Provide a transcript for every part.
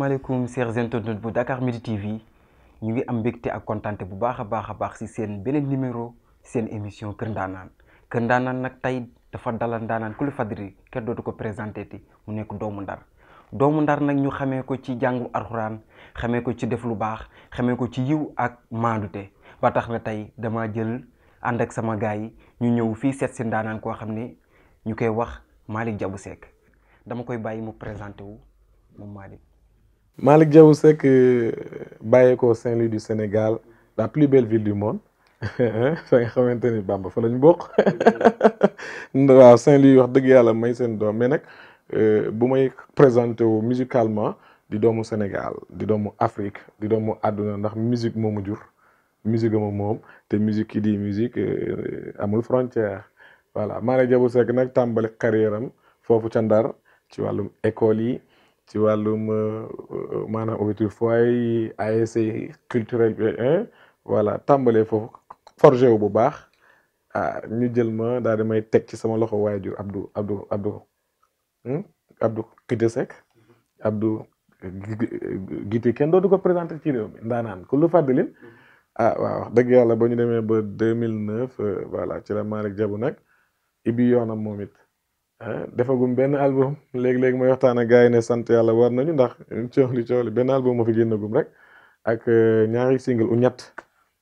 asalaamaaleykum chers internautes bu Dakar Midi TV ñu ngi am mbégte ak kontante bu baax a baax a baax si seen beneen numéro seen émission Kër Ndaanaan Kër Ndaanaan nag tey dafa dalal ndaanaan Coullier Fadri kenn dootu ko présenté ti mu nekk doomu ndar doomu ndar nag ñu xamee ko ci jàngu alxuraan xamee ko ci def lu baax xamee ko ci yiw ak maandute ba tax na tey dama jël ànd ak sama gars yi ñu ñëw fii seet si ndaanaan koo xam ne ñu koy wax Malick Diabou Seck dama koy bàyyi mu présenté wu moom Malick Malick Diaw Seck euh, bàyyeekoo Saint-Louis du Sénégal la plus belle ville du monde fa nga xamante ni Bamba fa lañu bokk waaw Saint-Louis wax dëgg yàlla may seen doom mais nag euh, bu may présenté wu musicalement di doomu Sénégal di doomu Afrique di doomu àdduna ndax musique moomu jur musique ma moom te musique ki di musique euh, amul frontière voilà Malick Diaw Seck nag tàmbali carrière foofu ca Ndar ci wàllum école yi ci wàllum euh, euh, maanaam ouverture foyer yi ASC culturel euh, voilà tàmbalee foofu forgé wu bu baax ah ñu jël ma daal di may teg ci sama loxo waajur Abdou Abdou Abdou hmm, Abdou Kité Seck Abdou Gité kenn dootu ko présenté ci réew mi ndaanaan ku lu fàddalin ah waaw wax dëgg yàlla ba ñu demee ba 2009 voilà ci la Malick Diabou nag ibi yoonam moom Ah, defagum benn album léegi-léegi may waxtaan ak gars yi ne sant yàlla war nañu ndax cooli cooli benn album ma fi génnagum rek ak euh, ñaari single u ñett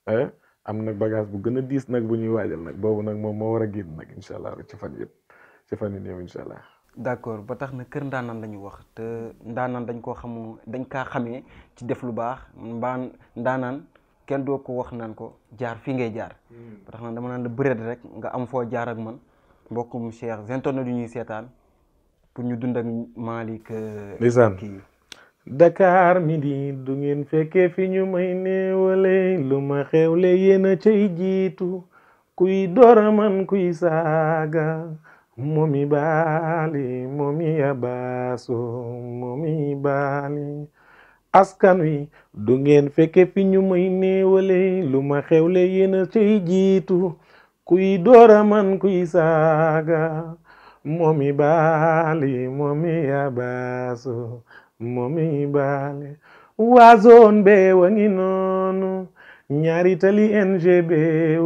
ah, am nag bagage bu gën a diis nag bu ñuy waajal nag boobu nag moom moo war a génn nag incha allah ci fan yëpp fan yi néew incha d' accord ba tax na kër ndaanaan la wax te ndaanaan dañ koo xamu dañ kaa xamee ci def lu baax mbaan ndaanaan kenn doo ko wax naan ko jaar fii ngay jaar. Hmm. ba tax na dama naan la bëreet rek nga am foo jaaral man. mbokkum cher zintono du ñuy seetaan pour ñu dund ak Malick euh, ndeysaan Dakar mi di du ngeen fekkee fi ñu may néewale lu ma xewle yéen a jiitu kuy doora man kuy saaga momi baali momi abaaso momi baali askan wi du ngeen fekke fi ñu may néewale lu ma xewle yéen a jiitu kuy doora man kuy saaga momi baali momi abaaso momi baali waa be wangi noonu ñaari tali ngb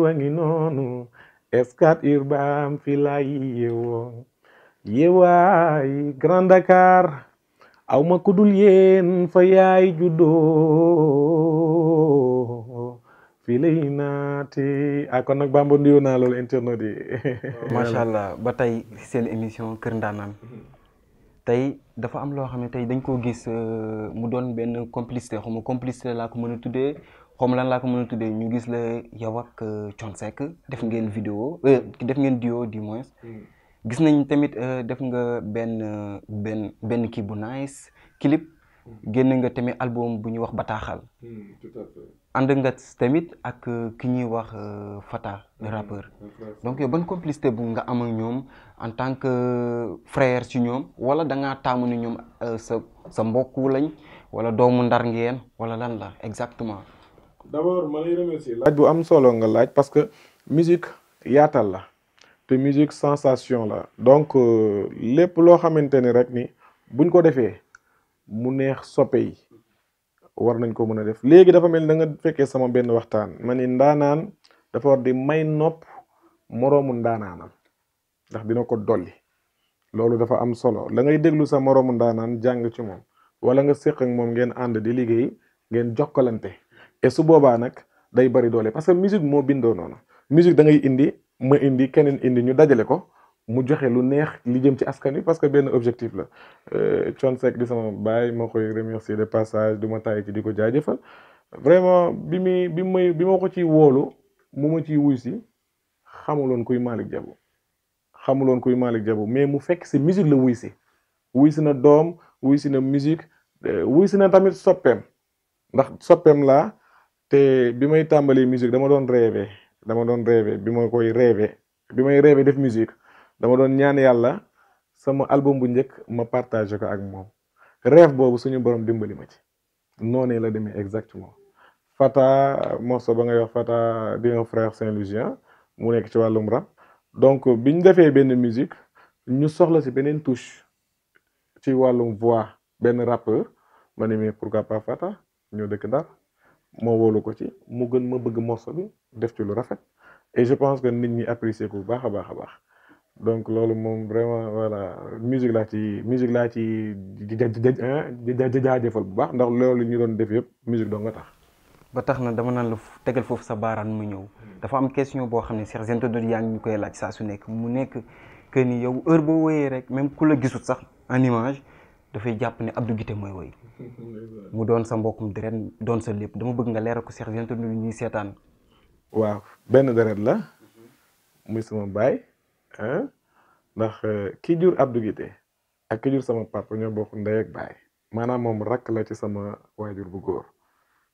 wangi noonu Scat Urbam fi lay yeewoo yeewaay Grand aw ma kudul yéen fa yaay juddoo fii lay naati ah kon nag Bamba nuyoo naa loolu internautes yi. macha allah ba tey seen émission Kër Ndaanaan mhm. tey dafa am loo xam ne tey dañ koo gis euh, mu doon benn complicité xaw ma complicité laa ko mën a tuddee xaw lan laa ko mën a tuddee ñu gis la yow ak euh, Thione def ngeen vidéo euh, def ngeen dio di mois mhm. gis nañ tamit def nga benn benn benn kii bu nice clip. Mhm. génn nga tamit album bu ñuy wax bataaxal. ànd nga tamit ak euh, ki ñuy wax euh, Fata le mm-hmm. rappeur donc yow ban complicité bu nga am ñoom en tant que euh, frère ci ñoom wala da ngaa taamu ni ñoom sa sa mbokk lañ wala doomu ndar ngeen wala lan la exactement. laaj bu am solo nga laaj parce que musique yaatal la te musique sensation la donc lépp loo xamante ni rek ni buñ ko defee mu neex soppe yi war nañ ko mën a def léegi dafa mel na nga fekkee sama benn waxtaan ma ni ndaanaan dafa war di may nopp moroomu ndaanaanam ndax dina ko dolli loolu dafa am solo la ngay déglu sa moroomu ndaanaan jàng ci moom wala nga séq moom ngeen ànd di liggéey ngeen jokkalante et su boobaa nag day bari doole parce que musique moo bindoo noonu musique da ngay indi ma indi keneen indi ñu dajale ko mu joxe lu neex li jëm ci askan wi parce que benn objectif la euh, Thione Seck di sama baay moo koy remercier de passage du ma tàyyi ci di ko jaajëfal vraiment bi muy bi muy bi ma ko ci woolu mu ma ciy wuy si xamuloon kuy Malick Diabou xamuloon kuy Malick Diabou mais mu fekk si musique la wuy si wuy si na doom wuy si na musique euh, wuy si na tamit soppeem ndax soppeem la te bi may tàmbalee musique dama doon rêvé dama doon rêvé bi ma koy rêvé bi may rêvé def musique dama doon ñaan yàlla sama album bu njëkk ma partagé ko ak moom rêve boobu suñu borom dimbali ma ci noonee la demee exactement Fata morceau ba ngay wax Fata di un frère Saint-Louisien mu nekk ci wàllum rab donc bi ñu defee benn musique ñu soxla si beneen touche ci wàllum voix benn rappeur ma ne pour pourquoi pas Fata ñoo dëkk Ndar moo woolu ko ci mu gën ma bëgg morceau bi def ci lu rafet et je pense que nit ñi apprécier ko bu baax a baax a baax. donc loolu moom vraiment voilà musique laa ci musique laa ci jaajëfal bu baax ndax loolu ñu doon def yëpp musique doo nga tax. ba tax na dama naan la tegal foofu sa baaraan mu ñëw dafa am question boo xam ne Cheikh Zenta Dodi yaa ngi ñu koy laaj saa su nekk mu nekk que ni yow heure boo woyee rek même ku la gisut sax en dafay jàpp ni Abdou Guité mooy woy mu doon sa mbokkum deret doon sa lépp dama bëgg nga leeral ko Cheikh Zenta Dodi ñuy seetaan. waaw benn deret la muy sama baay. ndax euh, ki jur Abdou Guité ak ki jur sama papa ñoo bokk ndey ak baay maanaam moom rakk la ci sama waajur bu góor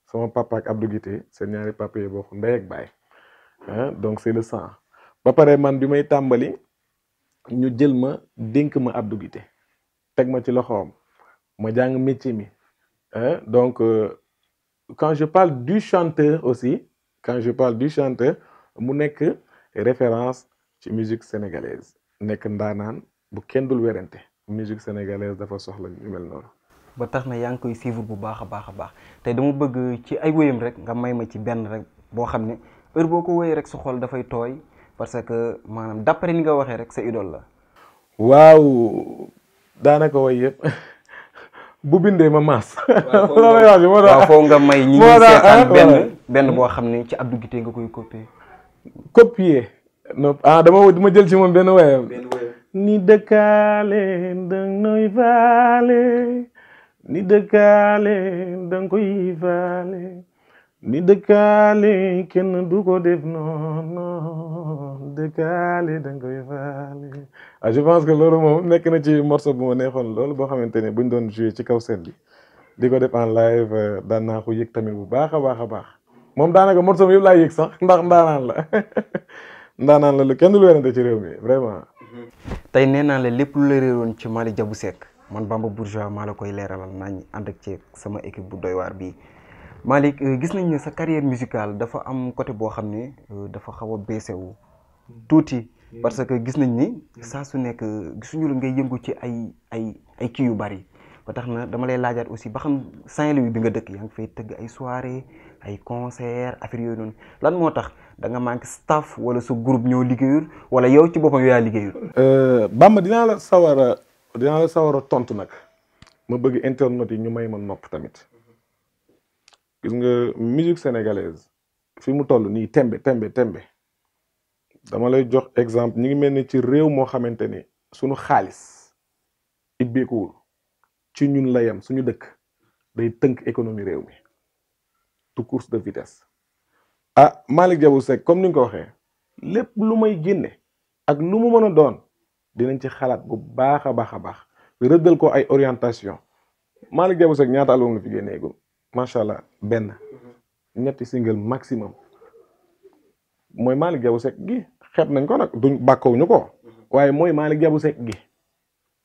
sama papa ak Abdou Guité seen ñaari papa yi bokk ndey ak baay donc c'est le sang ba pare man bi may tàmbali ñu jël ma dénk ma Abdou Guité teg ma ci loxoom ma jàng métier mi donc euh, quand je parle du chanteur aussi quand je parle du chanteur mu nekk référence ci musique sénégalaise nekk ndaanaan bu kenn dul werante musique sénégalaise dafa soxla ñu mel noonu. ba tax na yaa ngi koy suivre bu baax a baax a baax te dama bëgg ci ay wéyam rek nga may ma ci benn rek boo xam ne heure boo ko wéyee rek sa xol dafay tooy parce que maanaam d'après ni nga waxee rek sa idole la. waaw daanaka way bindee ma maas. waaw nga may ñi ah, benn boo xam ne ci Abdou Guité nga koy copier. non ah dama dama jël ci moom benn wayam ni dëkkaale dang noy faale ni dëkkaale dang koy faale ni dëkkaale kenn du ko def noonu non dëkkaale dang koy faale ah je pense que loolu moom nekk na ci morceau bu ma neexoon loolu boo xamante ne buñ doon joué ci kaw scène bi di ko def en live euh, daan naa ko yëg tamit bu baax a baax a baax moom daanaka morceau bi yëpp laa yëg sax ndax ndaanaan la naan la lu kenn du werante ci réew mi vraiment. tey nee naa la lépp lu la réeroon ci Malick Diabou Seck man Bamba Bourgeois maa la koy leeralal nañ ànd ak ci sama équipe bu doy waar bii Malick euh, gis nañ ne sa carrière musicale dafa am côté boo xam ne euh, dafa xaw a baissé wu tuuti mm. parce que gis nañ ni mm. saa su nekk euh, gisuñu la ngay yëngu ci ay ay ay kii yu bari ba tax na dama lay laajaat aussi ba xam Saint-Louis bi nga dëkk yaa ngi fay tëgg ay soirée ay concert affaire yooyu noonu lan moo tax. danga nga manque staff wala sa groupe ñoo liggéeyul wala yow ci boppam yaa liggéeyul. Euh, Bamba dinaa la sawar a dinaa la sawar a tontu nag ma bëgg internet yi ñu may ma nopp tamit gis nga musique sénégalaise fi mu toll nii tembe tembe tembe dama lay jox exemple ñu ngi mel ni ci réew moo xamante ni suñu xaalis ibbeekuwul ci ñun la yem suñu dëkk day tënk économie réew mi du course de vitesse. ah Malick Diabou Seck comme ni nga ko waxee lépp lu may génne ak lu mu mën a doon dinañ ci xalaat bu baax a baax a baax rëddal ko ay orientation Malick Diabou Seck ñaata album nga fi génneegum macha allah benn ñetti single maximum mooy Malick Diabou Seck gi xeeb nañ ko nag duñ bàkkow ñu ko waaye mooy Malick Diabou Seck gi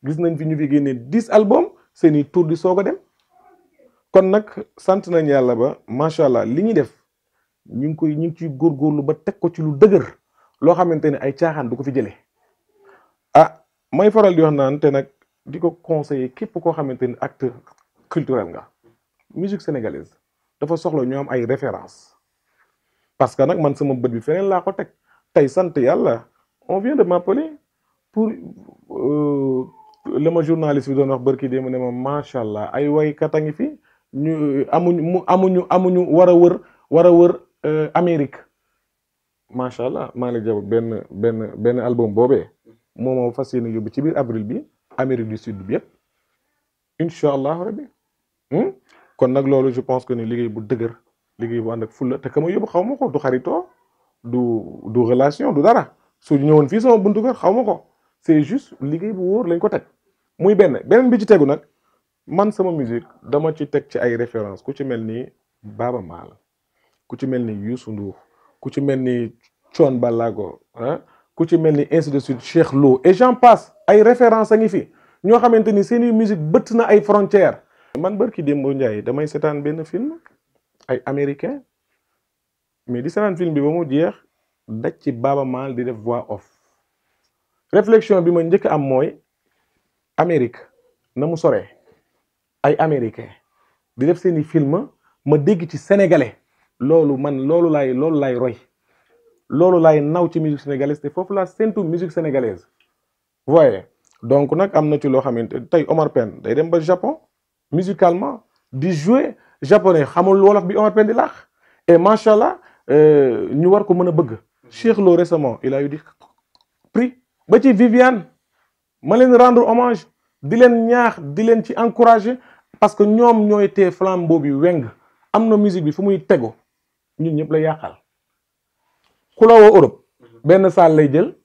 gis nañ fi ñu fi génnee dix album seen i tour di soog a dem kon nag sant nañ yàlla ba macha allah li ñuy def. ñu ngi koy ñu ngi ciy góorgóorlu ba teg ko ci lu dëgër loo xamante ne ay caaxaan du ko fi jële ah may faral di wax naan te nag di ko conseiller képp koo xamante ni acteur culturel nga musique sénégalaise dafa soxla ñoom ay référence parce que nag man sama bët bi feneen laa ko teg tey sant yàlla on vient de m'appeler pour euh, la ma journaliste bi doon wax bërki démb ne ma macha allah ay waykat a ngi fi ñu amuñu mu amuñu amuñu war a wër war a wër Euh, Amérique macha allah Malick Diaw benn benn benn album boobee moom moo fas yéene yóbbu ci biir avril bi Amérique du Sud bi yëpp incha allah rabbi hmm? kon nag loolu je pense que ni liggéey bu dëgër liggéey bu ànd ak fulla te ka ma yóbbu xaw ma ko du xarito du du relation du dara su ñëwoon fii sama buntu kër xaw ma ko c'est juste liggéey bu wóor lañ ko teg muy benn beneen bi ci tegu nag man sama musique dama ci teg ci ay référence ku ci mel ni Baaba Maal ku ci mel ni Youssou Ndour ku ci mel ni Thione Ballago ku ci mel ni ainsi de suite Cheikh Lo et j'en passe ay références a ngi fi ñoo xamante ni seeni musique bëtt na ay frontières. man barki Dembo Ndiaye damay seetaan benn film ay américain mais di seetaan film bi ba mu jeex daj ci Baaba Maal di def voix off réflexion bi ma njëkk am mooy Amérique na mu sore ay américain di def seeni film ma dégg ci sénégalais. loolu man loolu laay loolu laay roy loolu laay naw ci musique sénégalaise te foofu laa séntu musique sénégalaise voyez donc nag am na ci loo xamante tey Omar Pène day dem ba Japon musicalement di jouer japonais xamul wolof bi Omar Pène di laax et macha allah euh, ñu war ko mën a bëgg Cheikh Lo récemment il a eu des ba ci Viviane ma leen rendre hommage di leen ñaax di leen ci encourager parce que ñoom ñooy te flambeau bi weng am na musique bi fu muy tego ñun ñëpp la yàqal ku la woo Europe mhm. benn salle lay jël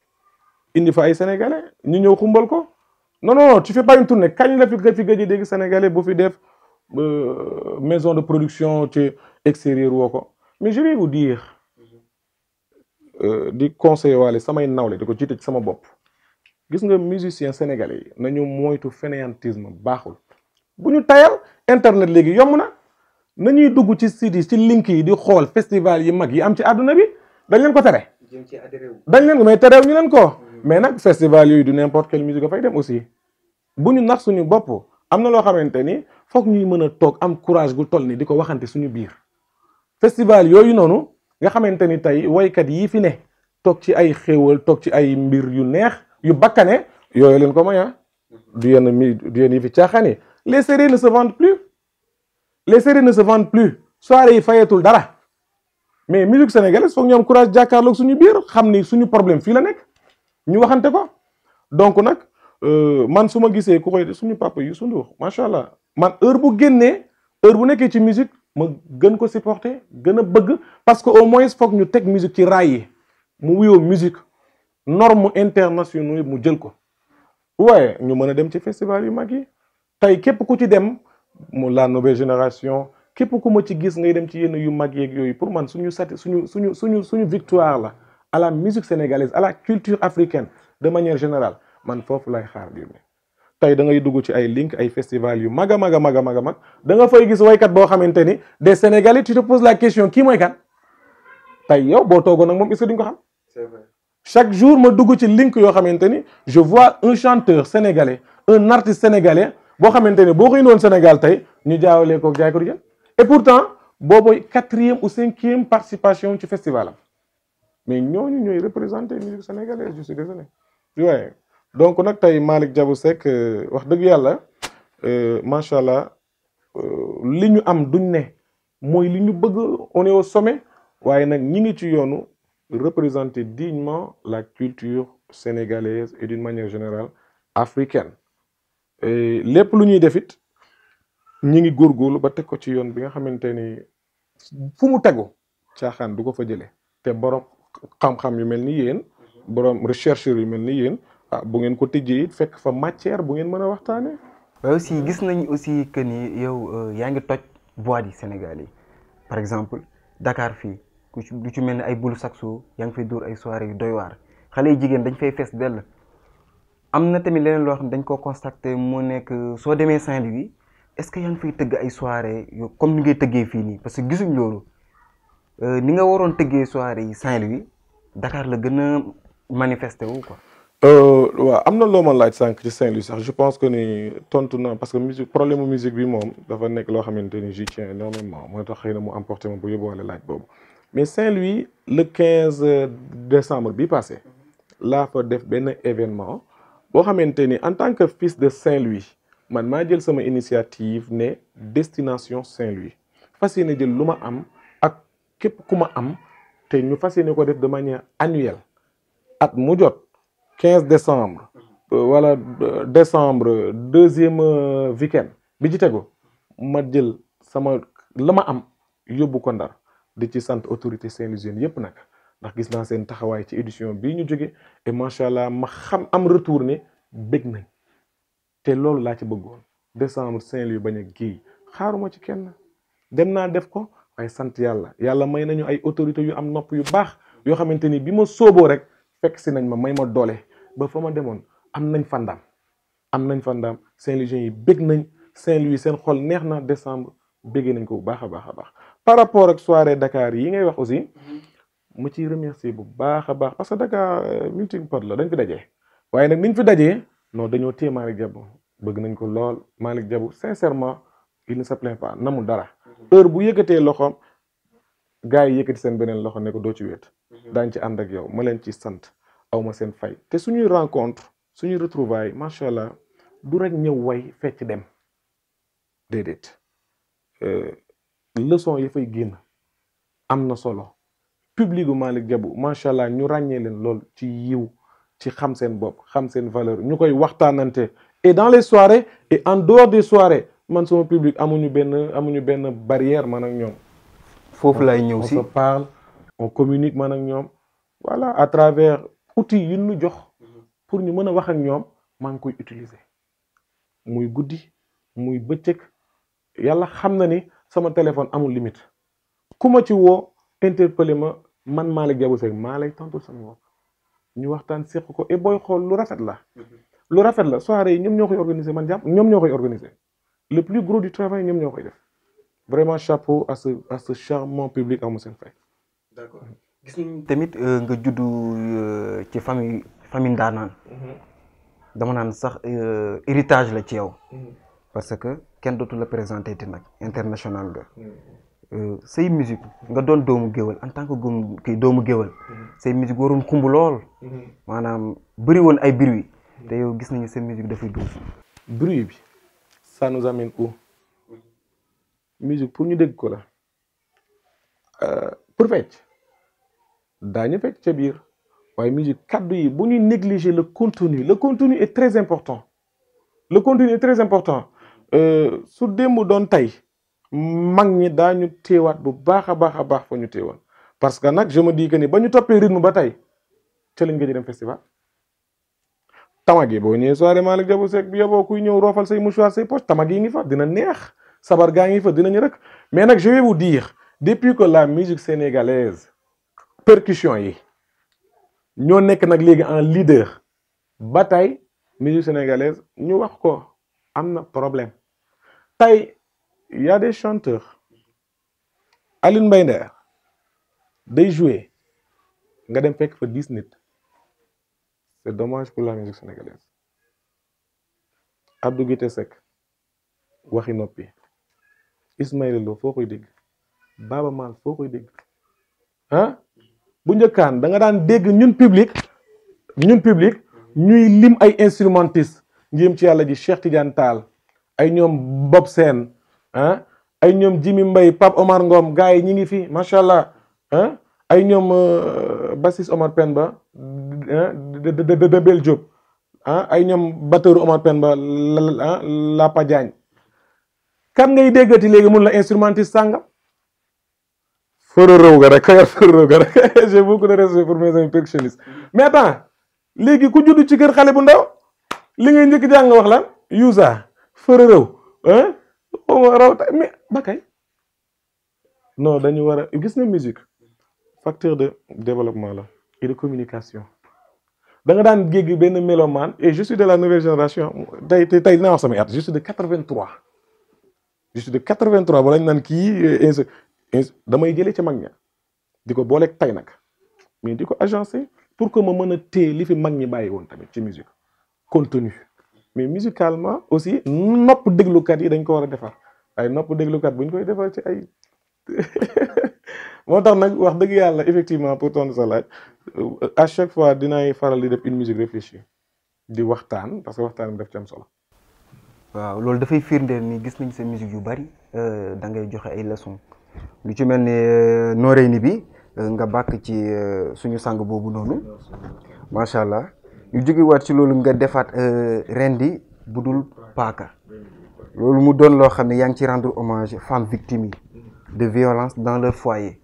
indi fa ay sénégalais ñu ñëw xumbal ko non ci non tu fais pas une tournée kañ la fi nga fi gëj a dégg sénégalais bu fi def euh, maison de production ci extérieur woo ko mais je vais vous dire mhm. euh, di conseiller waale samay nawle di ko jiite ci sama bopp gis nga musicien sénégalais yi nañu moytu fainéantisme baaxul bu ñu tayal internet léegi yomb na. na ñuy dugg ci site ci link yi di xool festival yi mag yi am ci àdduna bi dañ leen ko tere. dañ leen ko mais terew ñu leen ko. mais nag festival yooyu du n'importe quelle musique fay dem aussi bu ñu nax suñu bopp am na loo xamante ni foog ñuy mën a toog am courage gu toll ni di ko waxante suñu biir. festival yooyu noonu nga xamante ni tey woykat yii fi ne toog ci ay xéewal toog ci ay mbir yu neex yu bakkane yooyu leen ko moya du yenn mi du yenn yi fi caaxaan yi les séries ne se vendent les séries ne se vendent plus soirée yi fayetul dara mais musique sénégalaise foog ñu am courage jàkkaarloog suñu biir xam ni suñu problème fii la nekk ñu waxante ko donc nag euh, man su ma gisee ku koy suñu papa Youssou Ndour macha allah man heure bu génnee heure bu nekkee ci musique ma gën ko supporter gën a bëgg parce que au moins foog ñu teg musique ci raay yi mu wuyoo musique norme internationaux mu jël ko waaye ñu mën a dem ci festival yu mag yi tey képp ku ci dem. mu la nouvelle génération képp ku ma ci gis ngay dem ci yenn yu mag yeeg yooyu pour man suñu sati suñu suñu suñu suñu victoire la à la musique sénégalaise à la culture africaine de manière générale man foofu lay xaar bi tey da ngay dugg ci ay link ay festival yu mag a mag a mag a mag a mag da nga fay gis waykat boo xamante ni des sénégalais tu te poses la question kii mooy kan tey yow boo toogoon nag moom est-ce que ko xam. c'est chaque jour ma dugg ci link yoo xamante ni je vois un chanteur sénégalais un artiste boo xamante ne boo koy noonu Sénégal tey ñu jaawalee ko jaay ko jën et pourtant booboy quatrième ou cinquième participation ci festival am mais ñooñu ñooy représenté musique sénégalaise je suis désolé waaye donc nag tey Malick Diabou Seck euh, wax dëgg yàlla euh, macha allah euh, li ñu am duñ ne mooy li ñu bëgg on est au waaye nag ñi ngi ci yoonu représenter dignement la culture sénégalaise et d'une manière générale africaine Eh, lépp lu ñuy def it ñu ngi góorlu ba teg ko ci yoon bi nga xamante ni fu mu tegu caaxaan du ko fa jëlee te borom xam-xam yu mel ni yeen borom rechercher yu mel ni yéen ah bu ngeen ko tijjee it fekk fa matière bu ngeen mën a waxtaane waaye aussi gis nañ aussi que ni yow euh, yaa ngi toj voies yi Sénégal yi par exemple Dakar fii ku ci lu ci mel ni ay bulu saxo yaa ngi fay dur ay soirées yu doy waar xale yu jigéen dañ fay fees dell. am na tamit leneen loo xam ne dañ koo constaté mu nekk soo demee Saint-Louis est-ce que yaa ngi fay tëgg ay soirée yo comme ni ngay tëggee fii nii parce que gisuñ loolu euh, ni nga waroon tëggee soirée yi Saint-Louis Dakar la gën a manifesté wu quoi. Euh, am na loo ma laaj sànq ci Saint-Louis sax je pense que ni tontu naa parce que musique problème mu musique bi moom dafa nekk loo xamante ni j'y tiens énormément moo tax xëy na mu emporté bu ba yóbbuwaale laaj boobu mais Saint-Louis le 15 décembre bi passé laa fa def benn événement. boo xamante ni en tant que fils de Saint-Louis man maa jël sama initiative ne destination Saint-Louis fas yéene jël lu ma am ak képp ku ma am te ñu fas yéene ko def de manière annuelle at mu jot 15 décembre wala euh, euh, décembre deuxième euh, week bi ci tegu ma jël sama la ma am yóbbu ko ndar di ci sant autorité saint-louisienne yépp nag ndax gis naa seen taxawaay ci édition bi ñu jóge et allah ma xam am retour ne bég nañ te loolu laa ci bëggoon décembre Saint-Louis bañ a géey xaaruma ci kenn dem naa def ko waaye sant yàlla yàlla may nañu ay autorités yu am nopp yu baax yoo xamante ni bi ma sooboo rek fekk si nañ ma may ma doole ba fa ma demoon am nañ fandam am nañ fandam Saint-Louisiens yi bég nañ Saint-Louis seen xol neex na décembre béggee nañ ko bu baax a baax a baax par rapport mu ciy remercier bu baax a baax parce que daga euh, melting pot la dañ fi dajee waaye nag niñ fi dajee non dañoo téye Malick Diabou bëgg nañ ko lool Malick jabu sincèrement il ne se plaint pas namul dara mhm. heure bu yëkkatee loxoom gars yi yëkkati seen beneen loxo ne doo ci wéet mhm. daañ ci ànd ak yow ma leen ci sant awma seen fay te suñuy rencontre suñuy retrouvailles macha allah du rek ñëw way fecc dem déedéet euh, leçon ya fay génn am na solo public bu Malick Diabou macha allah ñu ràññee leen lool ci yiw ci xam seen bopp xam seen valeur ñu koy waxtaanante et dans les soirées et en dehors des soirées man sama public amuñu benn amuñu benn barrière man ak ñoom. foofu lay ñëw si on se parle on communique man ak ñoom voilà à travers outils yu ñu jox pour ñu mën a wax ak ñoom maa ngi koy utiliser muy guddi muy bëccëg yàlla xam na ni sama téléphone amul limite ku ma ci woo interpellé ma. man Malick Diabou Seck maa lay tontu sama bopp waxtaan seq ko et booy xool lu rafet la. Mm-hmm. lu rafet la soirée yi ñoom ñoo koy organiser man jàpp ñoom ñoo koy organiser le plus gros du travail ñoom ñoo koy def vraiment chapeau à ce à ce charmant public amu seen fay. d'accord gis tamit euh, nga juddu euh, ci famille famille ndaanaan mm-hmm. dama naan sax euh, héritage la ci yow. Mm-hmm. parce que kenn dootu la présenter ti nag international ga Euh, say musique nga doon doomu géwél en tant que góom kii doomu géwél mm-hmm. say musique waroon xumb lool mm-hmm. maanaam bëri woon ay bruit te yow gis nañu sa musique dafay dund bruit bi ça nous amène où musique pour ñu dégg ko la euh, pour fecc daañu fecc ca biir waaye musique kaddu yi bu ñuy négliger le contenu le contenu est très important le contenu est très important euh, su démb doon tey mag ñi ñu téewaat bu baax a baax a baax fa ñu téewoon parce que nag je me dis que ba ñu toppee rythme ba tey ca lañ gëj dem festival tamag gi boo ñëwee soirée Malick Diabou Seck bi yoboo kuy ñëw roofal say mouchoir say poche tamag yi ngi fa dina neex sabar gaa ngi fa dinañu rek mais nag je vais vous dire depuis que la musique sénégalaise percussion yi ñoo nekk nag léegi en leader ba tey musique sénégalaise ñu wax ko am na problème tey il y a des chanteurs Alioune Mbaye day jouer nga dem fekk fa dix nit c'est dommage pour la musique sénégalaise Abdou Guité Seck waxi noppi Ismaël Lo foo koy dégg Baba Maal foo koy dégg ah bu njëkkaan da nga daan dégg ñun public ñun public ñuy lim ay instrumentistes ngir ci yàlla ji Cheikh Tidiane Tall ay ñoom Bob Sène ay ñoom Jimi mbay Pape Omar Ngom gars yi ñi ngi fi macha allah ay ñoom euh, Bassis Omar Penba Debel Diop ah ay ñoom batteuru Omar Penba ah Lapa Diagne kan ngay déggati léegi mun la instrumentiste sàngam fërërëw ga rek ka yar fërërëw ga rek j'ai beaucoup de respect pour mes mais attends léegi ku judd ci kër xale bu ndaw li ngay njëkk jàng nga wax lan yuusa fërërëw xaw ma raw mais ba kay non dañu war a gis na musique facteur de développement la et de communication da nga daan géegi benn mélomane et je suis de la nouvelle génération tey tey tey dinaa wax sama at je suis de 83 je suis de 83 ba lañ naan kii euh, inse damay jëlee ci mag di ko booleeg tey nag mais di ko agencé pour que ma mën a téye li fi mag ñi bàyyi woon tamit ci musique contenu mais musicalement aussi nopp déglukat yi dañ ko war a defar ay nopp bu ñu koy defar ci ay moo tax nag wax dëgg yàlla effectivement pour tontu sa laaj à chaque fois dinaay faral di def une musique réfléchie di waxtaan parce que waxtaan bi def ci am solo. waaw loolu dafay firndeel ni gis nañ sa musique yu bari euh, da ngay joxe ay leçons lu ci mel ne euh, Noreyni bi euh, nga bàkk ci suñu sang boobu noonu macha allah. ñu jógewaat ci loolu nga defaat euh, rendi bu dul paaka loolu mu doon loo xam ne yaa ngi ci rendre hommage femmes victimes yi de violence dans leur foyer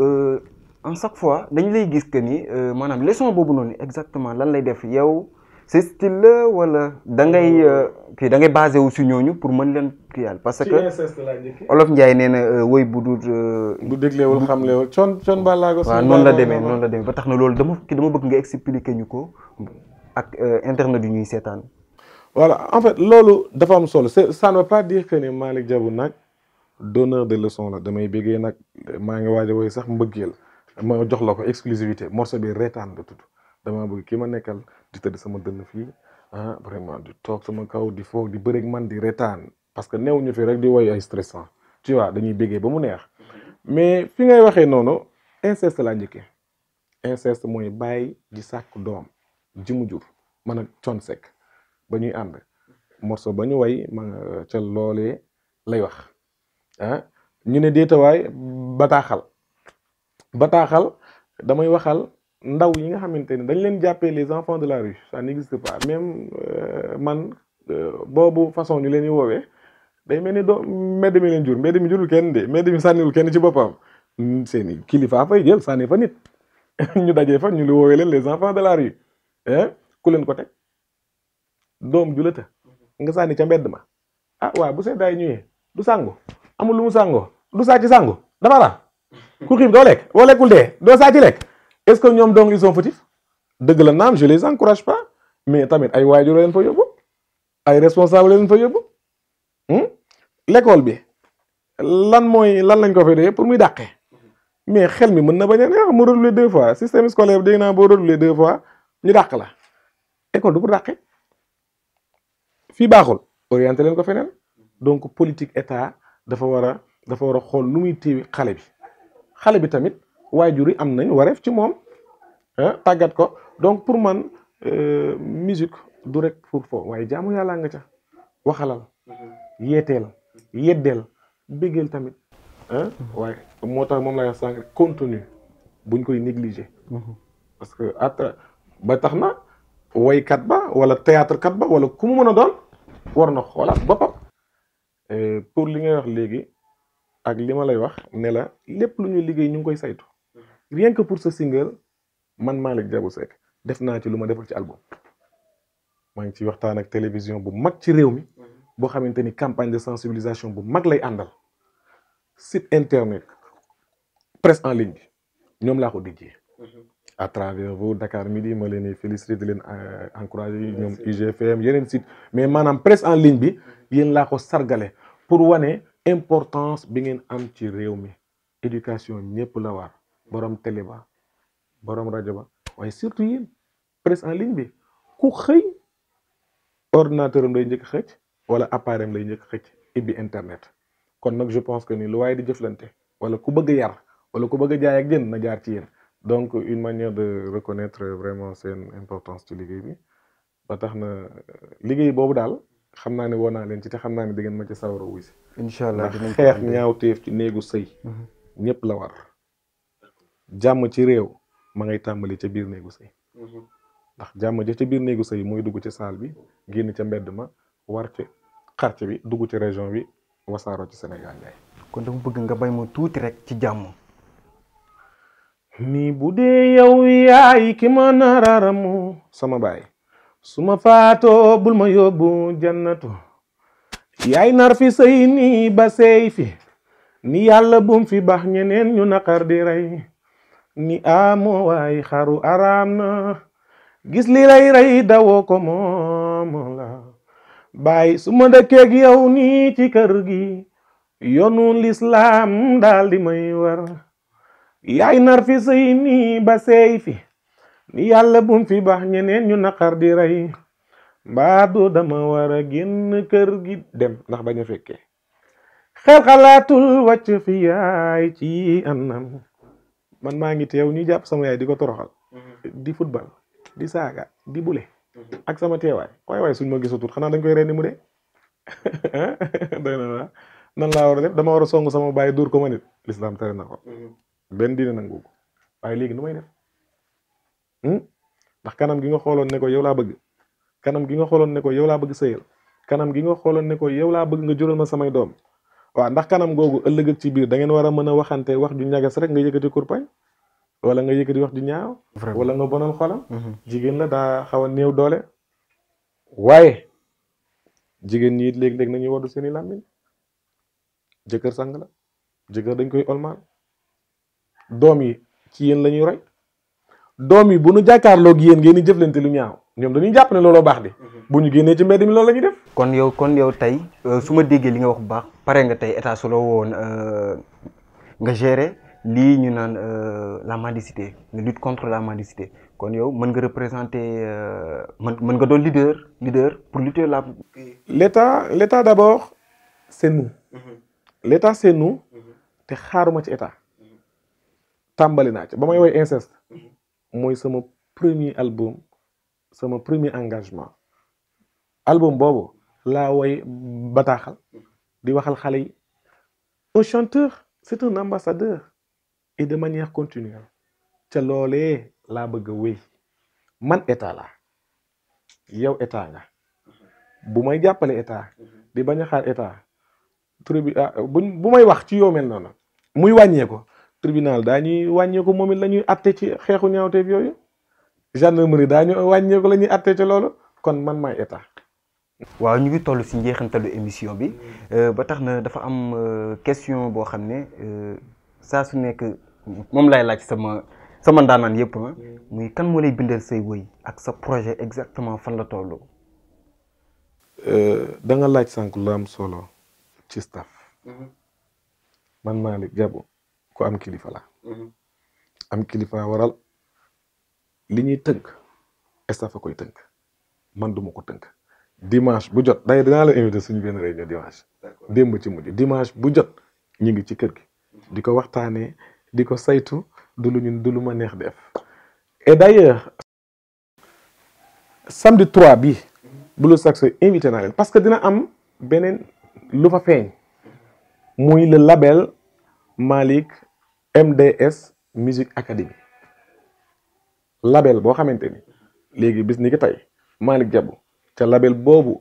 euh, en chaque fois dañu lay gis que ni euh, maanaam leçon boobu noonu exactement lan lay def yow c'est style la wala da ngay euh, euh, kii da ngay basé wu si ñooñu pour mën leen kii yàlla parce que olof Ndiaye nee na euh, woy bu dul. bu dégleewul xamlewul coon coon bàllaago. waaw noonu la demee noonu la demee ba tax na loolu dama dama bëgg nga expliquer ñu ko ak internet yu ñuy seetaan. voilà en fait loolu dafa am solo c'est ça ne veut pas dire que ne Malick Diabou nag donneur de leçon la damay bëggee nag maa ngi waaj a woy sax mbëggeel ma jox la ko exclusivité moo bi reetaan la tudd. damaa bëgg kii ma nekkal di tëdd sama dënn fii ah, vraiment di toog sama kaw di foog di bëreeg man di retaan parce que néew ñu fi rek di woy ay stressant tu dañuy béggee ba mu neex mais fi ngay waxee noonu inceste laa njëkkee inceste mooy bàyyi di sàkk doom ji mu jur man ak Thione ba ñuy ànd morceau ba ñu way ma ca loolee lay wax ah, ñu ne déetawaay bataaxal bataaxal damay waxal ndaw yi nga xamante ne dañ leen jàppee les enfants de la rue ça n'existe pas même euh, man euh, boobu façon ñu leen di woowee day mel ni doo mbedd mi leen jur mbedd mi jurul kenn de mbedd mi sànniwul kenn ci boppam hmm, seen i kilifaa fay jël sànni fa nit ñu dajee fa ñu li woowee leen les enfants de la rue ku leen ko teg doom ju nga sànni ca mbedd ma ah waaw bu seddaay ñëwee du sàngu amul lu mu sàngoo du sàcc sàngu dafa ra ku xiif doo lekk boo lekkul dee est-ce que ñoom donc ils sont fautifs dëgg la naam je les encourage pas mais tamit ay waajur leen fa yóbbu ay responsable leen fa yóbbu hmm? l'école bi lan mooy lan lañ ko fay dee pour muy dàqee mais xel mi mën na bañ a neex mu redoublé deux fois système scolaire bi dégg naa boo redoublé deux fois ñu dàq la école du pour dàqee fii baaxul orienté leen ko feneen donc politique état dafa war a dafa war a xool lu muy téye xale bi xale bi tamit. jur yi am nañ wareef ci moom ah, tàggat ko donc pour man euh, musique du rek pour fo waaye jaamu yàllaa nga ca waxalal yeeteel yeddeel béggeel tamit ah. waaye moo tax moom lay sànq rek contenu buñ koy négliger parce que at ba tax na woykat ba wala théâtre kat ba wala ku mu mën a doon war na xoolaat boppam euh, pour li ngay wax léegi ak li ma lay wax ne la lépp lu ñuy liggéey ñu ngi koy saytu rien que pour ce single man Malick Diabou Seck def naa ci lu ma deful ci album maa ngi ci waxtaan ak télévision bu mag ci réew mi mhm. boo xamante ni campagne de sensibilisation bu mag lay àndal site internet presse en ligne bi ñoom laa ko dijjee mhm. à travers vous Dakar Midi ma leen di di leen euh, encourager ñoom IGFM yeneen site mais maanaam presse en ligne bi mhm. yéen laa ko sargale pour wane importance bi ngeen am ci réew mi éducation ñëpp la war borom télé ba borom rajo ba waaye surtout yéen presse en ligne bi ku xëy ordinateur am lay njëkk xëcc wala appareil lay njëkk xëcc ibbi internet kon nag je pense que ni lu waaye di jëflante wala ku bëgg yar wala ku bëgg jaay ak na jaar ci yéen donc une manière de reconnaître vraiment seen importance ci liggéey bi ba tax na euh, liggéey boobu daal xam naa ne woo naa leen ci te xam naa ne da ngeen ma ci sawar a wuy si. incha allah xeex ñaawteef ci néegu sëy mhm. ñëpp la war. jàmm ci réew ma ngay tàmbali ca biir néegu sëy mhm. ndax jàmm ja ca biir néegu sëy muy dugg ci saal bi génn ca mbedd ma war ci quartier bi dugg ci région bi wasaro ci Sénégal yaay kon dama bëgg nga bay ma tuuti rek ci jàmm ni bu dee yow yaay ki ma nararamu sama baay su ma faatoo bul ma yóbbu jannatu yaay nar fi sëy nii ba sëy fi ni yàlla bum fi baax ñeneen ñu naqar di rey ni amu waay araam na gis li rey rey dawoo ko moom la bàyyi su ma dëkkeeg yow nii ci kër gi yoonu lislaam daal di may war yaay nar fi sëy nii ba seey fi ni yàlla bum fi baax ñeneen ñu naqar di rey mbaadu dama war a kër gi dem ndax bañ a fekke xel xalaatul wàcc fi yaay ci anam man maa ngi teew ñu jàpp sama yaay di ko toroxal. Mm-hmm. di football di saaka di bule. Mm-hmm. ak sama teewaay waaye waaye suñ ma gisatul xanaa dañ koy rendi mu de doy nan laa war a def dama war a song sama bàyyi dóor ko ma nit lislaam tere na ko. Mm-hmm. benn diine nangu ko waaye léegi nu may def hmm? ndax kanam gi nga xooloon ne ko yow laa bëgg kanam gi nga xooloon ne ko yow laa bëgg sëyal kanam gi nga xooloon ne ko yow laa bëgg nga jural ma samay doom waaw ndax kanam googu ëllëg ak ci biir da ngeen war a mën a waxante wax ju ñagas rek nga yëkkati kurpañ wala nga yëkkati wax ju ñaaw wala nga bonal xolam mhm. jigéen la daa xaw a néew doole waaye jigéen ñi it léeg-léeg nañuy waddu seeni làmmiñ jëkkër sang la jëkkër dañ koy olmaal doom yi ci yéen la ñuy roy doom yi bu nu jàkkaar loog yéen ngeen di jëflante lu ñaaw ñoom dañuy jàpp ne looloo baax di mhm. bu ñu génnee ci mbedd mi loolu la ñuy def kon yow kon yow tey euh, suma déggee li nga wax bu baax pare nga tey état solo woon euh, nga gérer lii ñu naan euh, la mendicité la lutte contre la mendicité kon yow mën nga représenter man mën nga doon leader leader pour lutter la. l' état l' état d' abord c' est nous. Mhm. Mhm. te xaaruma ci état. tàmbali naa ci ba may woy inceste mhm. mooy sama premier album sama premier engagement album boobu laa woy bataaxal di waxal xale yi un chanteur c'est un ambassadeur et de manière continuelle ca loolee laa bëgg a wéy man état la yow état nga bu may jàppale état di bañ a xaar état tribu ah, bu may wax ci yow mel noonu muy wàññee ko tribunal daañuy wàññeeku moom it la ñuy atte ci xeexu ñaawteef yooyu gendarmerie daañu wàññeeku la ñuy atte ci loolu kon man maay état waaw ñu ngi toll si njeexantalu émission bi euh, ba tax na dafa am euh, question boo xam ne euh, saa su nekk moom lay laaj sama sama ndaanaan yëpp ah muy kan moo lay bindal say woy ak sa projet exactement fan la toll. da nga laaj sànq lu am solo ci staff. man Malick Gabou ku am kilifa la am kilifa waral li ñuy tënk staff a koy tënk man duma ko tënk. dimanche bu jot day dinaa la invité suñu benn réunion dimanche. démb ci mujj dimanche bu jot ñu ngi ci kër gi. di ko waxtaanee di ko saytu du lu ñun du lu ma neex def. et d'ailleurs samedi 3 bi Blue Sax invité naa leen parce que dina am beneen lu fa feeñ. muy le label Malick MDS Music Academy label boo xamante léegi bis ni ki tey Malick Diabou. ca label boobu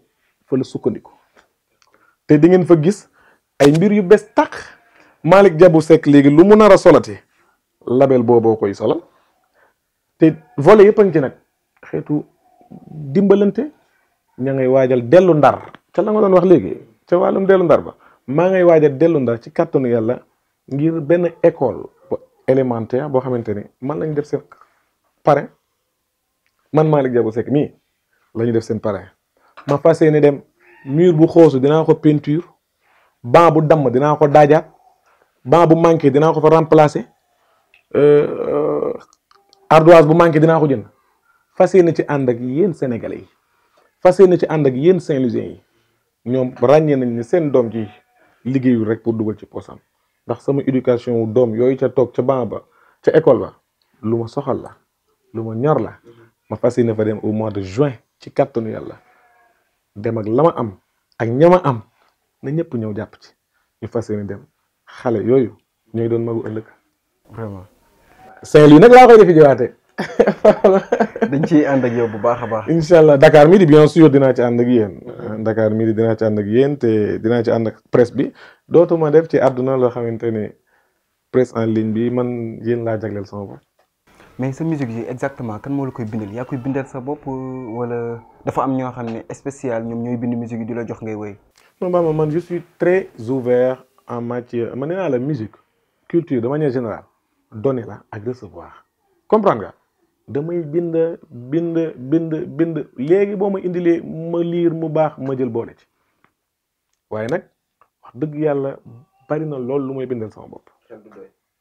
fa la sukkandiku te di ngeen fa gis ay mbir yu bees tàq Malick Diabou Seck léegi lu mu nar a solati label booboo koy solal te volet yëpp a ci nag xeetu dimbalante ña ngay waajal dellu ndar ca la ma doon wax léegi ca wàllum dellu ndar ba maa ngay waajal dellu ndar ci kàttanu yàlla ngir benn école bu élémentaire boo xamante ni man lañ def seen pare man Malick Diabou Seck mii la ñu def seen parrain ma fas yéene dem mur bu xoosu dinaa ko peinture banc bu damm dinaa ko daajaat banc bu manqué dinaa ko fa remplacer euh, euh, ardoise bu manqué dinaa ko jën fas yéene ci ànd ak yéen sénégalais yi fas yéene ci ànd ak yéen Saint-Louisiens yi ñoom ràññee nañ ne seen doom ji liggéeyu rek pour dugal ci poosam ndax sama éducation wu doom yooyu ca toog ca banc ba ca école ba lu ma soxal la lu ma ñor la ma fas yéene fa dem au mois de juin ci kàttanu yàlla dem ak la am ak ñama am na ñëpp ñëw jàpp ci ñu fas yéene dem xale yooyu ñooy doon magu ëllëg vraiment Saint-Louis nag laa koy defi jiwaate dañ ciy ànd ak yow bu baax a baax incha allah Dakar midi bien sûr dinaa ci ànd ak yéen Dakar midi dinaa ci ànd ak yéen te dinaa ci ànd ak presse bi dootuma def ci àdduna loo xamante ne presse en ligne bi man yéen laa jagleel sama bopp mais sa musique yi exactement kan moo la koy bindal yaa koy bindal sa bopp euh, wala dafa am ñoo xam ne spécial ñoom ñooy bind musique yi di la jox ngay woy non maanaam man je suis très ouvert en matière man nee naa la musique culture de manière générale donner la ak recevoir comprendre nga damay bind bind bind bind léegi boo ma indilee ma liir mu baax ma jël boole ci waaye nag wax dëgg yàlla bari na lool lu may bindal sama bopp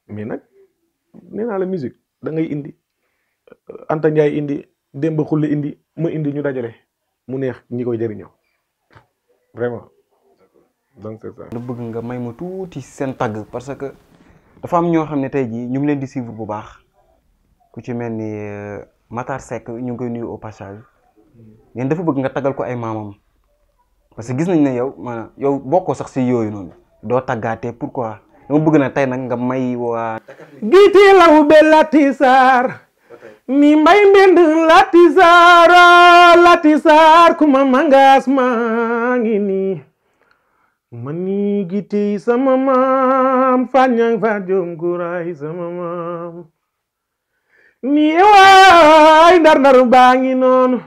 mais nag nee naa la musique da ngay indi Anta Ndiaye indi Demba Khoule indi mu indi ñu dajale mu neex ñi koy jëriñoo vraiment bëgg nga may ma tuuti seen tàgg parce que dafa am ñoo xam ne tey jii ñu ngi leen di suivre bu baax ku ci mel ni euh, Matar Seck ñu ngi koy nuyu au passage yéen dafa bëgg nga taggal ko ay maamam parce que gis nañ ne yow maanaam yow bokkoo sax si yooyu noonu doo tàggaatee pourquoi. dama bëgg na tey nag nga may waa giiti law be latisaar mi mbay mbend latisaar latisaar kuma mangaas maa ngi nii man sama maam faat ñang faat joom kuraay sama maam ni yewaay ndar ndar baa noonu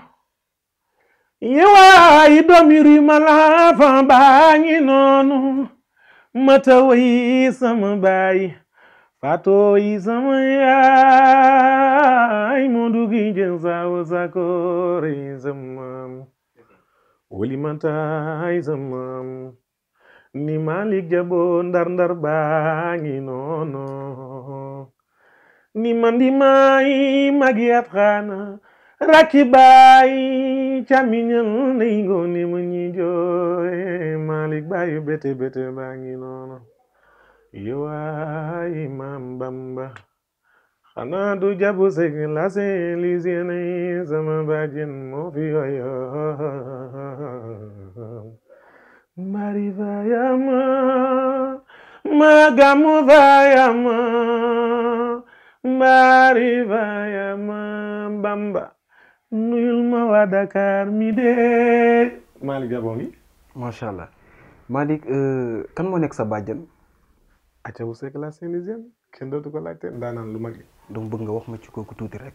yewaay doom yi ri ma laa noonu mataw yi sama baay fato yi sama yaay moodu gi jën sawa sakoore zamam wëlimataay zamam ni malik jabo ndar ndar baa ngi ni mandi maay magiyat xaana rakibay camiñal nay ngooni mu ñi malik bayu bete bete baa ngi noonu yowaay maam bamba xanaa du jabu seg la Élysée sama bàjjen moo fi yoyo mari vayama magamu vayama mari vayama bamba nuyul ma waa Dakar mi dee. Malick Gabon gi. macha allah Malick euh, kan moo nekk sa bàjjan. acca bu sekk la Saint-Louisien kenn dootu ko laajte ndaanaan lu mag li. donc bëgg nga wax ma ci kooku tuuti rek.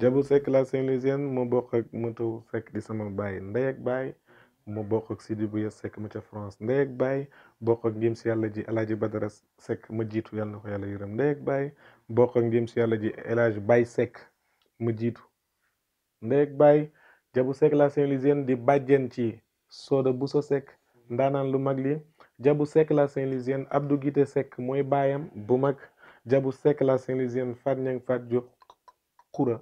jabu sekk la Saint-Louisien moo bokk ak moto sekk di sama baay ndey ak baay moo bokk ak Sidi bu sekk ma ca France ndey ak baay bokk ak ngim si yàlla ji El Hadj Badara sekk ma jiitu yàlla na ko yàlla yërëm ndey ak baay bokk ak ngim si yàlla ji El Hadj sekk ma jiitu. ndey ak baay jabu Seck la Saint-Louisienne di bàjjen ci sooda bu sa Seck ndaanaan lu mag li jabu Seck la Saint-Louisienne Abdou Guité Seck mooy baayam bu mag jabu Seck la Saint-Louisienne Fat Ñang Fat Diop Koura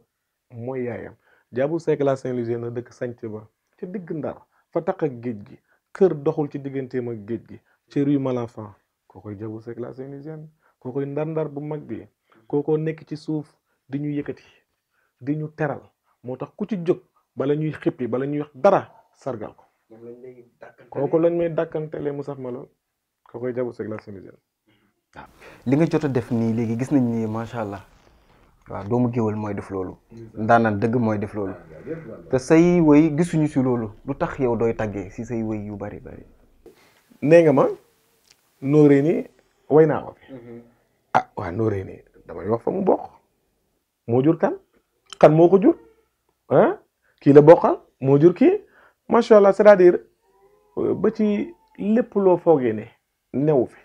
mooy yaayam jabu Seck la Saint-Louisienne na dëkk sanc ba ca digg ndar fa taq ak géej gi kër doxul ci digganteem ak géej gi ci rue Malenfant kookoy jabu Seck la Saint-Louisienne kookoy ndar ndar bu mag bi kookoo nekk ci suuf di ñu yëkkati di ñu teral moo tax ku ci jóg bala ñuy xippi bala ñuy wax dara sargal ko. kooku lañ may dàkkantelee mu saf ma lool koo koy jabu seeg la sénégal waaw li nga jota def nii léegi gis nañ ni macha allah waaw doomu géwal mooy def loolu ndaanaan dëgg mooy def loolu te say woy gisuñu si loolu lu tax yow dooy taggee si say woy yu bari bari nee ma nóoree nii way naa ko mm-hmm. ah waaw nóoree damay wax fa mu bokk moo jur kan kan moo ko jur ah kii la bokkal moo jur kii macha allah cest euh, ba ci lépp loo foogee ne new fi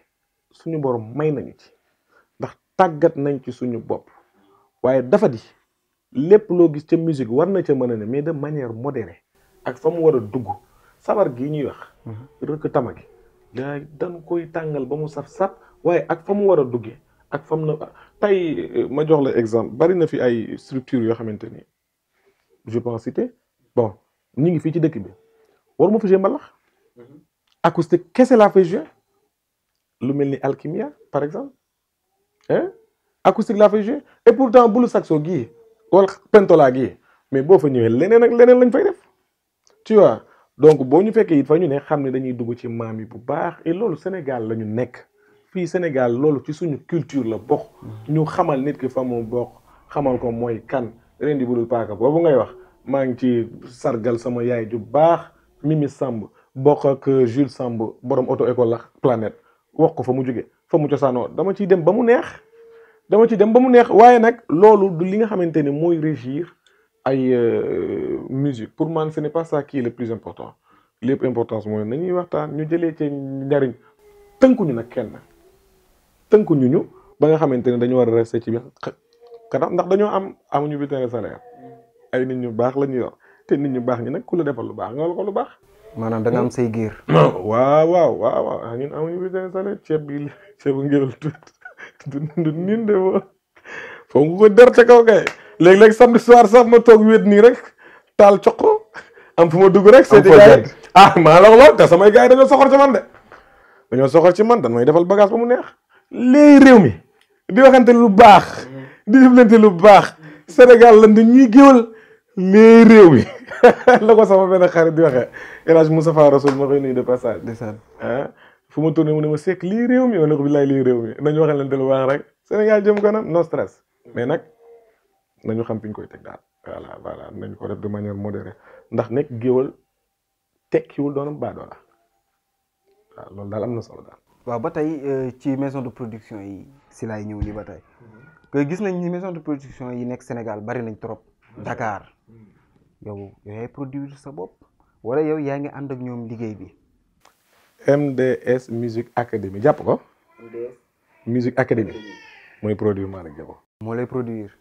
suñu borom may nañu ci ndax tàggat nañ ci suñu bopp waaye dafa di lépp loo gis ca musique war na ca mën a ne mais de manière modérée ak fa mu war a dugg sabar gi ñuy wax mm-hmm. rëkk tama gi daa dañ koy tàngal ba mu saf-saf waaye ak fa mu war a duggee ak fam na tey ma jox la exemple bari na fi ay structure yoo xamante ni je pense cité bon ñu ngi fii ci dëkk bi waruma fa jouer mbalax mhm. acoustique kese laa fay jouer lu mel ni alchimia par exemple hein acoustique laa fay jouer et pourtant bulu saxo gi war pentola gii mais boo fa ñëwee leneen ak leneen lañ fay def tu vois donc boo ñu fekkee it fa ñu ne xam ne dañuy dugg ci maam yi bu baax et loolu Sénégal la ñu nekk fii Sénégal loolu ci suñu culture la bokk mhm. ñu xamal nit ki fa mu bokk xamal ko mooy kan rendi budul paaka boobu ngay wax maa ngi ci sargal sama yaay ju baax Mimi Samb bokk ak euh, Jules Samb borom auto école la planète wax ko fa mu jóge fa mu cosaanoo dama ciy dem ba mu neex dama ci dem ba mu neex waaye nag loolu li nga xamante ne mooy régir ay euh, musique pour man ce n'est pas ça kii est le plus important lépp importance mooy nañuy waxtaan ñu jëlee ci njariñ tënkuñu nag kenn tënkuñu ñu ba nga xamante ne dañu war a rester ci bi kanam ndax dañoo am amuñu bulletin de salaire mm. ay nit ñu baax la ñu yor te nit ñu baax ñi nag ku la defal lu baax nga wal ko lu baax. maanaam da nga am say giir. waaw waaw waaw waaw ah, ñun amuñu bulletin de salaire ceeb bi ceebu ngelaw tuuti du nin de boo foog nga ko der ca kaw kay léeg-léeg samedi soir sax ma toog wéet nii rek taal coq am fu ma dugg rek. seeti gars yi ah maa la lool te samay gars yi dañoo soxor ci man de. dañoo soxor ci man dañ may defal bagage ba mu neex. lii mi di di jëflante lu baax Sénégal lan dañuy géwal mais réew mi la ko sama benn xarit di waxee El Hadj Moustapha Rasoul ma koy nuyu de passage ndeysaan ah fu ma tourné mu ne ma sekk lii réew mi ma ne ko billaay lii réew mi nañu waxalante lu baax rek Sénégal jëm kanam no stress mais nag nañu xam fi koy teg daal voilà voilà nañu ko def de manière modérée ndax nekk géwal tekkiwul doonam baadoo loolu daal am na solo daal. waaw ba tey euh, ci maison de production yi si laay ñëw nii ba que gis nañ ni maison de production yi nekk Sénégal bari nañ trop Dakar yow yaay produire sa bopp wala yow yaa ngi ànd ak ñoom liggéey bi MDS Music Academy jàpp ko MDS Music Academy mooy produire Malick Diabo moo lay produire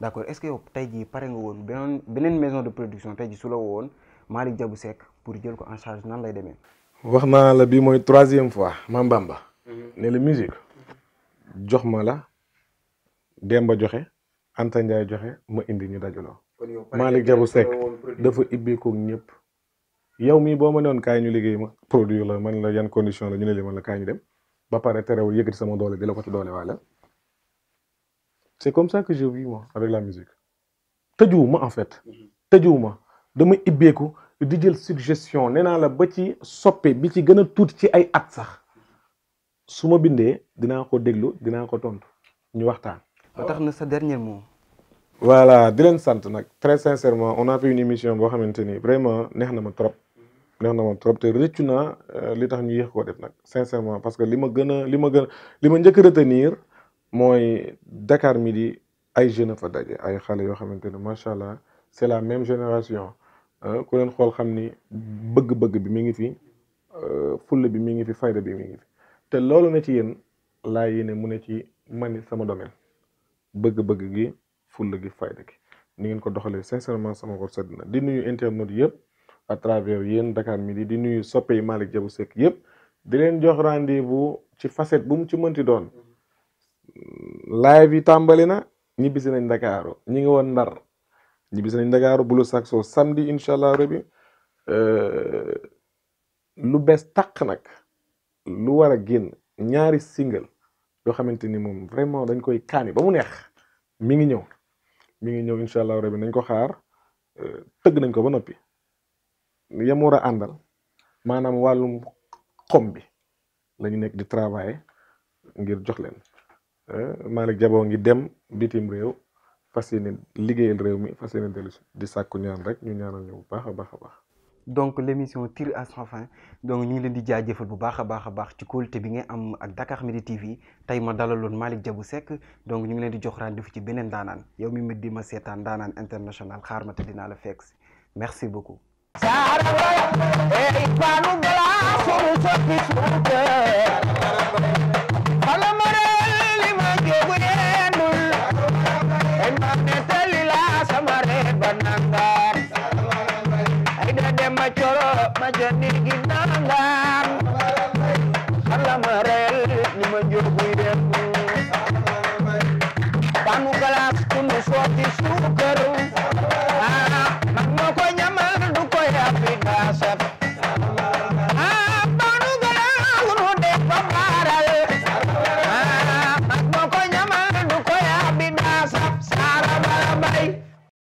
d' accord est ce que yow tey jii pare nga woon beneen beneen maison de production tey ji su la woon Malick Diabo Seck pour jël ko en charge nan lay demee wax naa la bii mooy troisième fois Mame Bamba mhm. ne la musique mhm. jox ma la dem ba joxe Anta Ndiaye joxe ma indi ñu daju dajaloo. Malick Diabou Seck dafa ibbeekoog ñëpp. yow mii boo ma noon kaay ñu liggéey ma produit la man la yan condition la ñu ne li man la kaay ñu dem ba pare terewul yëkkati sama doole di la ko ci doole waale. c'est comme ça que je vis moi avec la musique tëjuwuma en fait. Mm-hmm. tëjuwuma dama ibbeeku di jël suggestion ne naa la ba ci soppe bi ci gën a tuuti ci ay at sax su ma bindee dinaa ko déglu dinaa ko tontu ñu waxtaan. ba tax na sa dernier mot. voilà di leen sant nag très sincèrement on a fait une émission boo xamante ni vraiment neex na ma trop. neex na ma trop te rëccu naa euh, li tax ñu yéex koo def nag sincèrement parce que li ma gën a li ma gën li ma njëkk retenir mooy Dakar Midi ay jeunes fa daje ay xale yoo xamante ne macha allah c'est la même génération euh, ku leen xool xam ni bëgg-bëgg bi mi ngi fi euh, fulla bi mi ngi fi fayda bi mi ngi fi te loolu na ci yéen laa yéene mu ne ci mani sama domaine. bëgg-bëgg gi fulla gi fayda gi ni ngeen ko doxalee sincèrement sama xol sedd na di nuyu internet yëpp a travers yéen Dakar Midi di nuyu soppe yi jabu Diabou Seck yëpp di leen jox rendez bu ci facette bu mu ci mënti doon live yi tàmbali na ñibbisi nañ Ndakaaru ñi ngi woon Ndar ñibbisi nañ Ndakaaru Bulo Saxo samedi incha allah rabi lu bees tàq nag lu war a génn ñaari single yoo xamante ni moom vraiment dañ koy kaani ba mu neex mi ngi ñëw mi ngi ñëw incha allah rabi nañ ko xaar euh, tëgg nañ ko ba noppi yam war a àndal maanaam wàllum xom bi lañu nekk di travailler ngir jox leen euh, Malick Diabo ngi dem bitim réew fas yéene liggéeyal réew mi fas yéene dellu di sàkku ñaan rek ñu ñaanal ñu bu baax a baax a baax. donc l' émission tire à sa fin donc ñu ngi leen di jaajëfal bu baax a baax a baax ci kóolute bi nga am ak Dakar Midi TV tey ma dalaloon Malick Diabou Seck donc ñu ngi leen di jox rendez-vous ci beneen daanaan yow mi mit di ma seetaan daanaan international xaar ma te la fekk si merci beaucoup. నీగి నా